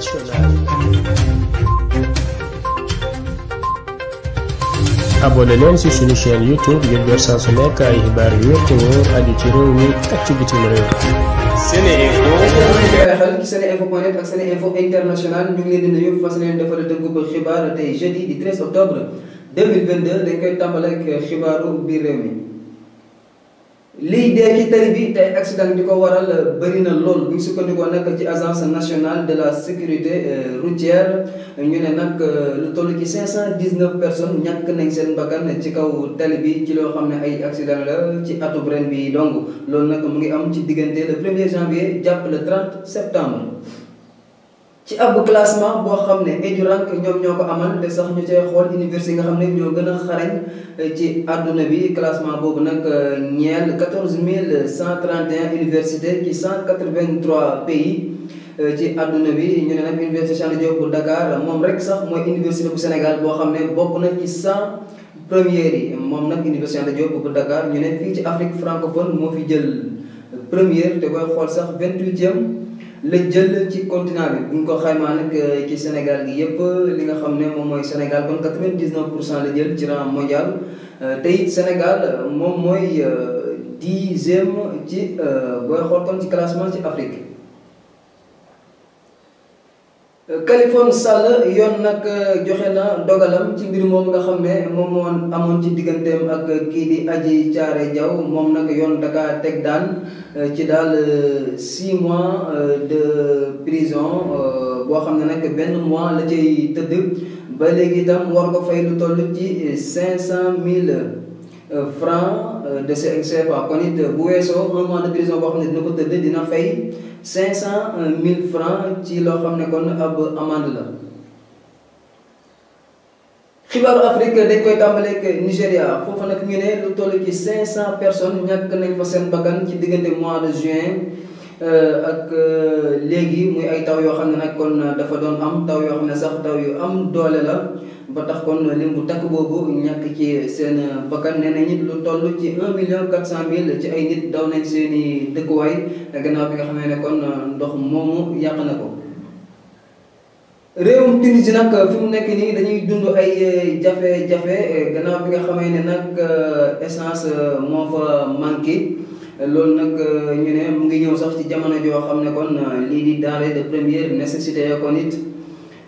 internationale. abonné leen ci suñu chaîne youtube ngir jot saa su nekk ay xibaar yu wér te ci réew mi ak ci bitim réew. SeneInfo. xel ci international ñu ngi leen fas leen defal dëggub xibaar tey jeudi di 13 octobre 2022 dañ koy tàmbaleeg xibaaru biir réew mi. liy dee ci tali bi tey accident di ko waral euh, bëri na lool bu ñu sukkandikoo nag ci agence nationale de la sécurité euh, routière ñu ne nag euh, lu toll ci cinq cent dix neuf personnes ñàkk nañ seen bakkan ci kaw tali bi ci loo xam ne ay accident la ci atub ren bi dong loolu nag mu ngi am ci diggante le premier janvier jàpp le 30 septembre. ci ab classement boo xam ne EduRank ñoom ñoo ko amal te sax ñu cay xool université nga xam ne ñoo gën a xarañ eh, ci àdduna bi classement boobu nag eh, ñeel 14131 universités ci 183 pays eh, ci àdduna bi ñu ne nag université Cheikh Anta Diop bu Dakar moom rek sax mooy université bu Sénégal boo xam ne bokk na ci 100 premières yi moom nag université Cheikh Anta Diop bu Dakar ñu ne fii ci Afrique francophone moo fi jël première te koy xool sax 28e. la jël ci continent bi bu ko xaymaa nag euh, ci Sénégal gi yëpp li nga xam ne moom mooy Sénégal kon quatre vingt dix pour cent la jël ci rang mondial euh, te it Sénégal moom mooy euh, dixième ci booy xool kon ci classement ci Afrique. Kaliphone Sall yoon nag euh, joxe na dogalam ci mbir moom nga xam ne moom moo amoon ci digganteem ak euh, kii di Adji Thiaré Diaw moom nag yoon daka teg daan euh, ci daal six mois de prison boo xam ne nag benn mois la cay tëdd ba léegi itam war ko fay lu toll ci cinq cent mille Euh, francs euh, de CFA kon bu weesoo ko tëdd dina fay cinq cent euh, mille francs ci loo xam ne kon ab amende la. xibaaru Afrique dañ koy tàmbaleeg Nigéria foofu nag ñu lu toll ci cinq cent personnes ñàkk nañ fa seen bakkan ci diggante mois de juin. ak léegi muy ay taw yoo xam ne nag kon dafa doon am taw yoo xam ne sax taw yu am doole la ba tax kon lim bu takk boobu ñàkk ci seen bakkan nee na ñit lu toll ci un million quatre cent mill ci ay nit daw nañ seen i dëkkuwaay gannaaw bi nga xamee ne kon ndox moomu yàq na ko. réewum si nag fi mu nekk nii dañuy dund ay jafe-jafe gannaaw bi nga xamee ne nag essence moo fa manqué loolu nag ñu ne mu ngi ñëw sax ci jamono joo xam ne kon lii di denrée de première nécessité kon it.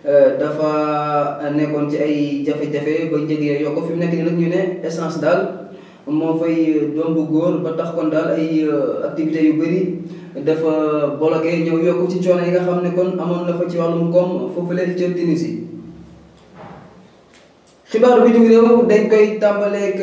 Euh, dafa nekkoon ci ay jafe-jafe ba njëg ya yokk fi mu nekk nii nag ñu ne essence daal moo fay euh, doom bu góor ba tax kon daal ay euh, activités yu bëri dafa bloqué ñëw yokk ci coono yi nga xam ne kon amoon na fa ci wàllum koom foofu leen ca Tunisie. xibaar bu jug réew dañ koy tàmbaleeg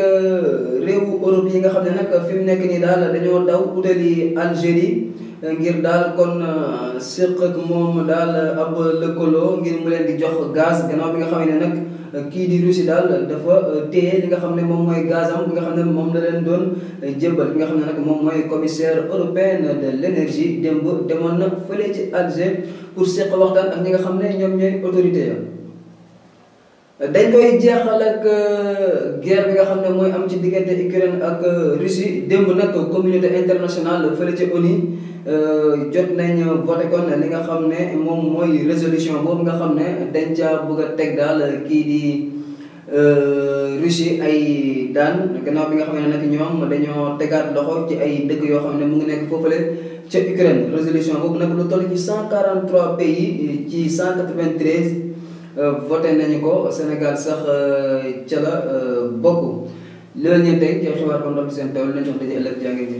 réewu Europe yi nga xam ne nag fi mu nekk nii daal dañoo daw utali Algérie. ngir daal kon euh, séq ak moom daal ab lëkkaloo ngir mu leen di jox gaz gannaaw bi nga xam ne nag euh, kii di Russie daal dafa euh, téye li nga xam ne moom mooy gazam bi nga xam ne moom la leen doon jébbal li nga xam ne nag moom mooy commissaire européen de l'énergie démb demoon na fële ci Alger pour séq waxtaan ak ñi nga xam ne ñoom ñooy autorité ya dañ koy jeexal ak guerre bi nga xam ne mooy am ci diggante Ukraine ak Russie démb nag communauté internationale fële ci ONU Euh, jot nañ voté kon li nga xam ne moom mooy résolution boobu nga xam ne dañ caa bëgg a teg daal kii di euh, Russie ay daan gannaaw bi nga xam ne nag ñoom dañoo tegaat loxo ci ay dëgg yoo xam ne mu ngi nekk foofule ca Ukraine résolution boobu nag lu toll ci cent quarante trois pays ci cent quatre vingt treize euh, voté nañu ko Sénégal sax ca la bokk loolu ñu teg ci xibaar kon ndox seen tool lañ jox dañuy ëllëg jàngee ji.